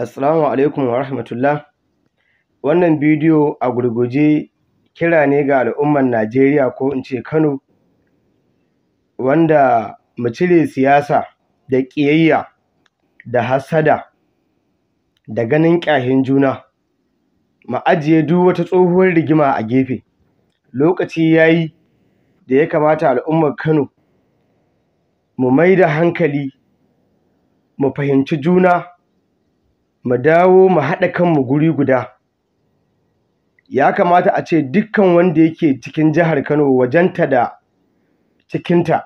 Assalamu alaikum wa rahmatullah. Wannan bidiyo a gurguje kira ne ga al'ummar Najeriya ko in ce Kano wanda mu cire siyasa da ƙiyayya da hasada da ganin ƙyahin juna mu ajiye duk wata tsohuwar rigima a gefe lokaci ya yi da ya kamata al'ummar Kano mu mai da hankali mu fahimci juna mu dawo mu haɗa kanmu guri guda ya kamata a ce dukkan wanda yake cikin jihar Kano wajenta da cikinta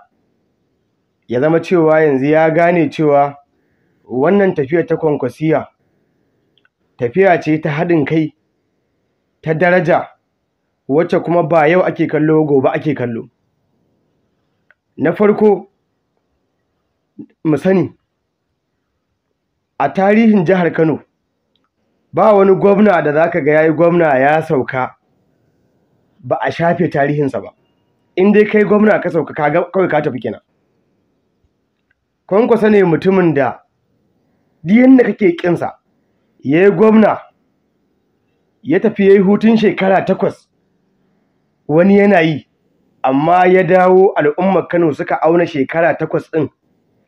ya zama cewa yanzu ya gane cewa wannan tafiya ta kwankwasiya tafiya ce ta haɗin kai ta daraja wacce kuma ba yau ake kallo gobe ake kallo na farko mu sani a tarihin jihar Kano ba wani gwamna da zaka ga yayi gwamna ya sauka ba a shafe tarihinsa ba in dai kai gwamna ka sauka kaga kawai ka tafi kenan kwankwasa ne mutumin da diyan da kake kinsa yayi gwamna ya tafi yayi hutun shekara takwas wani yana yi amma ya dawo al'ummar Kano suka auna shekara takwas ɗin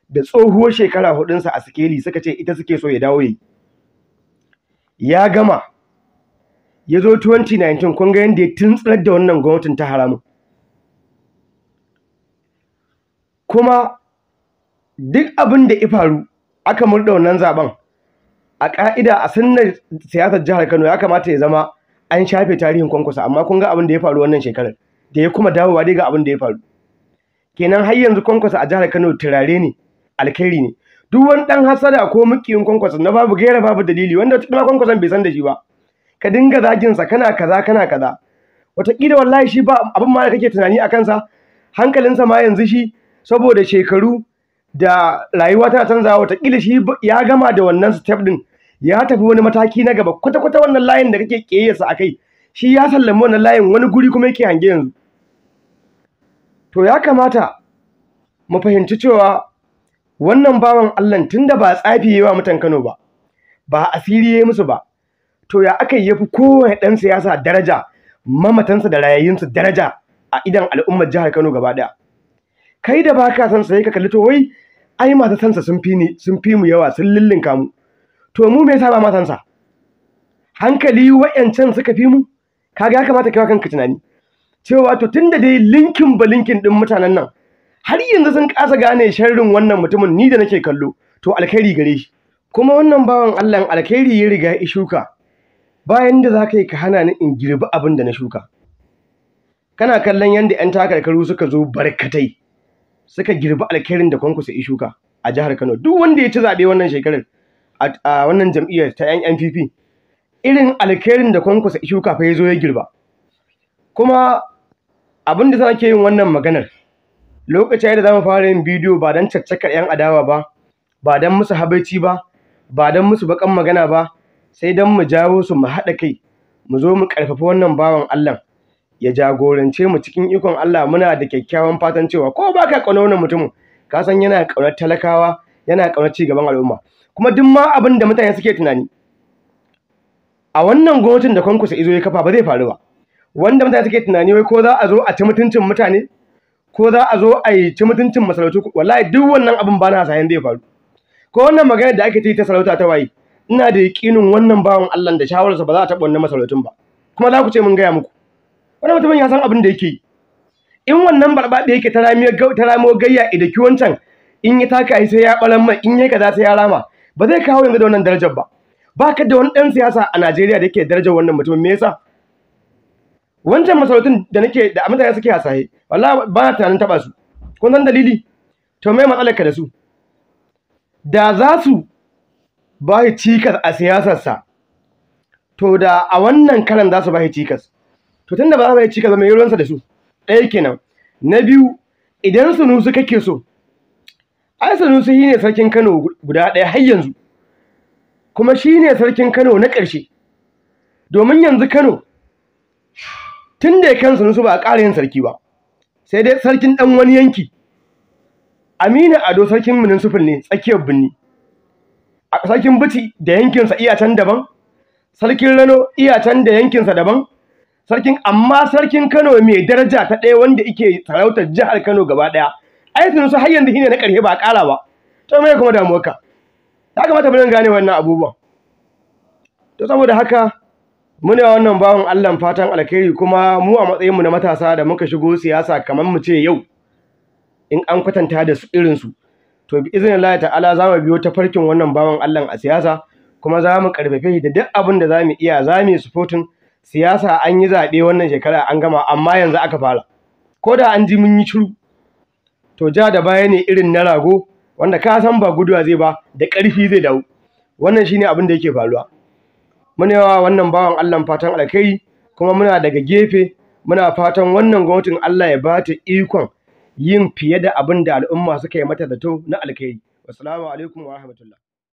da tsohuwar shekara hudunsa a sikeli suka ce ita suke so ya dawo yi ya gama ya zo 2019 kun ga yadda ya tuntsar da wannan gwamnatin ta haramun kuma duk abin da ya faru aka murda wannan zaben a ƙa'ida a sunnar siyasar jihar Kano ya kamata ya zama an shafe tarihin kwankwasa amma kun ga abin da ya faru wannan shekarar da ya kuma dawowa dai ga abin da ya faru kenan har yanzu kwankwasa a jihar Kano turare ne alkhairi ne duk wani dan hasada ko mukiyin kwankwasa, na babu gaira babu dalili wanda wata kwankwasan bai san da shi ba ka dinga zagin sa kana kaza kana kaza wataƙila wallahi shi ba abin ma kake tunani a kansa hankalinsa ma yanzu shi saboda shekaru da rayuwa tana canzawa wataƙila shi ya gama da wannan step din ya tafi wani mataki na gaba kwata-kwata wannan layin da kake ƙeyasa a kai shi ya sallama wannan layin wani guri kuma yake hange yanzu to ya kamata mu fahimci cewa wannan bawan Allah tunda ba tsafi yayi wa mutan Kano ba ba asiri yayi musu ba to ya aka yafi kowane dan siyasa daraja mamatansa da su daraja a idan al'ummar jihar Kano gaba daya kai da baka san sai ka kalli to wai ai masu sansa sun fi ni sun fi mu yawa sun lillinka mu to mu me yasa ba ma sansa hankali wayancan suka fi mu kaga ya kamata kai kanka tunani cewa to tunda dai linkin ba linkin din mutanen nan har yanzu sun kasa gane sharrin wannan mutumin ni da nake kallo to alkhairi gare shi kuma wannan bawan Allah alkhairi ya riga ya shuka bayan da zaka yi ka hana ni in girbi abin da na shuka kana kallon yanda yan takarkaru suka zo barkatai suka girbi alkhairin da kwankwasa ya shuka a jihar Kano duk wanda ya ci zabe wannan shekarar a wannan jam'iyyar ta yan NPP irin alkhairin da kwankwasa ya shuka fa ya zo ya girba kuma abin da sake yin wannan maganar lokaci da zamu fara yin bidiyo ba don caccakar 'yan adawa ba ba don musu habaici ba ba don musu bakan magana ba sai don mu jawo su mu haɗa kai mu zo mu ƙarfafi wannan bawan Allah ya jagorance mu cikin ikon Allah muna da kyakkyawan fatan cewa ko ba ka ƙauna wannan mutumin ka san yana ƙaunar talakawa yana ƙaunar ci gaban al'umma kuma duk ma abin da mutane suke tunani a wannan gwamnatin da kwankwasa izo ya kafa ba zai faru ba wanda mutane suke tunani wai ko za a zo a ci mutuncin mutane ko za a zo a yi ci mutuncin masarautu wallahi duk wannan abin ba na sayan zai faru ko wannan magana da ake ta ta sarauta ta waye ina da yakinin wannan bawan Allah da shawararsa ba za a taɓa wannan masarautun ba kuma za ku ce mun gaya muku wannan mutumin ya san abin da yake yi in wannan barbaɗe yake ta ramo gayya idan ki wancan in ya taka ai sai ya ɓaran mai in ya kaza sai ya rama ba zai kawo yanzu da wannan darajar ba ba ka da wani ɗan siyasa a Najeriya da yake darajar wannan mutumin me yasa wancan masarautun da nake da mutane suke hasaye wallahi ba na tunanin taba su kun san dalili to me matsalarka da su da za su ba shi cikas a siyasarsa to da a wannan karan za su ba shi cikas to tunda ba za ba shi cikas ba mai ruwansa da su ɗaya kenan na biyu idan sunusu kake so ai sanusi shi ne sarkin kano guda ɗaya har yanzu kuma shi ne sarkin kano na ƙarshe domin yanzu kano tun da kan su ba a ƙara yin sarki ba sai dai sarkin ɗan wani yanki Amina ado sarkin minin sufin ne tsakiyar birni a sarkin bici da yankinsa iya can daban sarkin rano iya can da yankinsa daban sarkin amma sarkin kano mai daraja ta ɗaya wanda ike sarautar jihar kano gaba ɗaya ai su har yanzu shine na ƙarshe ba a ƙara ba to me kuma damuwarka ya kamata mu gane wannan abubuwan to saboda haka muna wannan bawan Allah fatan alkhairi kuma mu a matsayinmu na matasa da muka shigo siyasa kamar mu ce yau in an kwatanta da irin su to bi izinin Allah ta'ala za mu biyo ta farkin wannan bawan Allah a siyasa kuma za mu karfafe shi da duk abin da za mu iya za mu siyasa an yi zaɓe wannan shekara an gama amma yanzu aka fara ko da an ji mun yi shiru to ja da baya ne irin na rago wanda ka san ba guduwa zai ba da ƙarfi zai dawo wannan shine abin da yake faruwa muna yawa wannan bawan Allah fatan alkhairi kuma muna daga gefe muna fatan wannan gwamnatin Allah ya bata ikon yin fiye da abin da al'umma suka yi mata zato na alkhairi assalamu alaikum wa rahmatullah